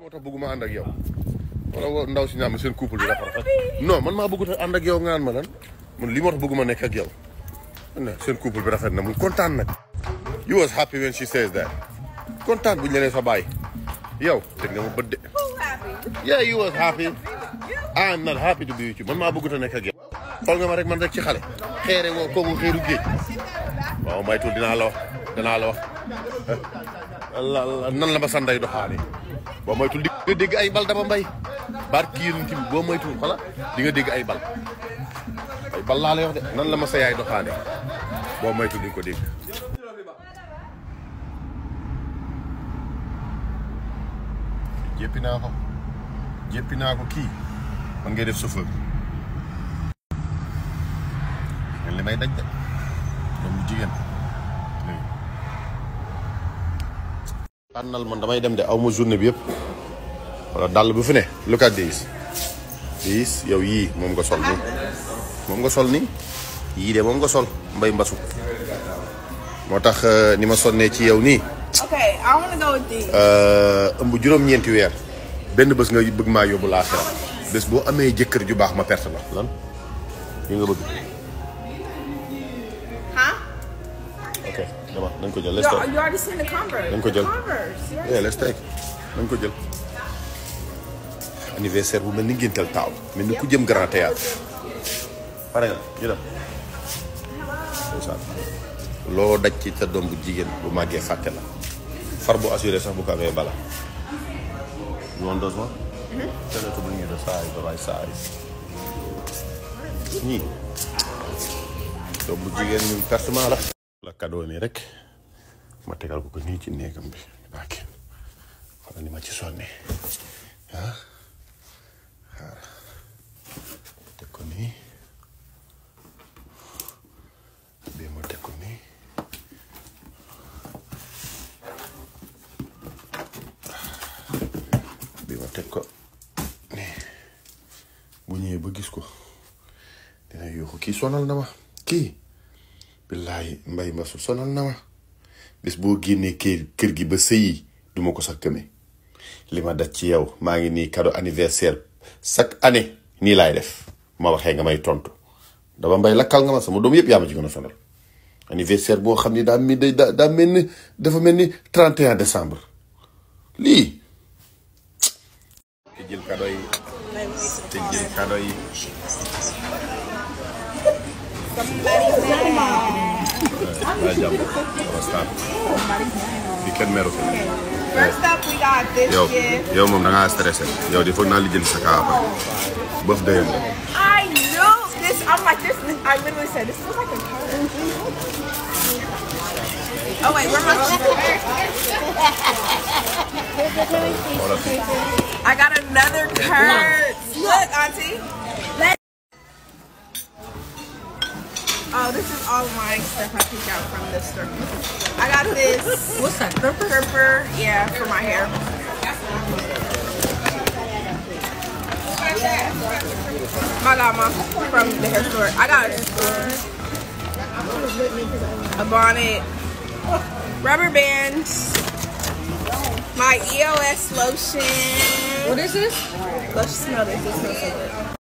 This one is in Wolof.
moo bëgguma ànd yow wala ndaw si ñaam seen couple bi dafa rafet non man maa bëggut a ànd yow nga naan ma lan man li moo tax bëgguma nekk yow seen couple bi rafet na mu kontaan nag you was happy when she says that kontaan buñ la nee sa baay yow teg nga ma bët de you was happy I am not happy to be with you man maa bëggut a nekk ak yow xool ma rek man rek ci xale xeere woo kooku xeeru géej waaw maytul dinaa la wax dinaa la wax la ma sanday doxaane boo moytul di nga dégg ay bal dama mbay barki yéen bi boo moytul xala di nga dégg ay bal ay bal laa lay de nan la ma sa yaay doxaane boo moytul di nga ko dégg jéppi naa ko jéppi naa ko kii man ngay def chauffeur li may daj de doomu jigéen tànnal moon damay dem de aw ma journée bi yëpp wala dàll bu fi ne look at these these yow yii moom nga sol nii moom nga sol ni yii de moom nga sol mbay mbasu moo tax euh, ni ma sonnee ci yow nii euh, ëmb juróom-ñeenti weer benn bës nga bëgg maa yóbbu laa xew bés boo amee jëkkër ju baax ma perte la lan li nga bëgg Okay, come on. go. You already seen the Converse. Converse. Yeah, let's take. Let me go. Jël. anniversaire bu mel ni ngéntal taaw mel ni ku jëm grand théâtre pare nga ñu dem loo ci bu bu la far bu assuré sax bu bala you want those one mm-hmm. tell to bring the size the right size ñii doom bu jigéen ñu la la cadeau ni rek ma tegal ko ko nii ci néegam bi bàkki wala ni ma ci sonné ha xaar teg ko nii bi ma teg ko nii bii ma teg ko nii bu ñëwee ba gis ko dina ko kii sonal na ma kii billaahi mbay ma su sonal na ma bis boo génnee kër kër gi ba sëyi duma ko sax gëme li ma daj ci yow maa ngi nii cadeau anniversaire chaque année nii laay def ma waxee nga may tontu dama mbay lakkal nga ma sama doom yëpp yaa ma ci gën sonal anniversaire boo xam ni daa mi day daa mel ni dafa mel ni 31 décembre lii. te jël yi. Somebody's mad. kenn meru first up we got this yow I know this I'm like this I literally said this is like a card. oh wait where am I got another curve. Look, auntie. Oh, this is all my stuff I picked out from the store. I got this. What's that? Purple? Purple, yeah, for my hair. My llama from the hair store. I got a, a bonnet, rubber bands, my EOS lotion. What is this? Let's smell this. It smells so good.